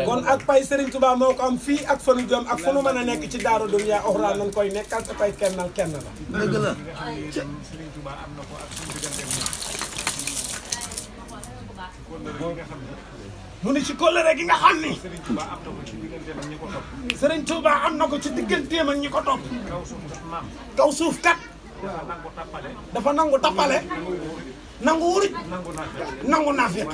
kon ak pay Serigne Touba moo ko am fii ak fanu jom ak fanu mën a nekk ci daaru dunya oxra nañ koy nekkal te pay kennal kenn la. dëgg la. Serigne Touba am na ko ak suñu mu ni ci kóllëre gi nga xam ni. Serigne Touba am na ko ci digganteem ak ñi ko topp. am na ko ci digganteem ak ñi ko topp. kaw suuf kat maam. dafa nangu tappale. dafa nangu tappale. nangu wuruj.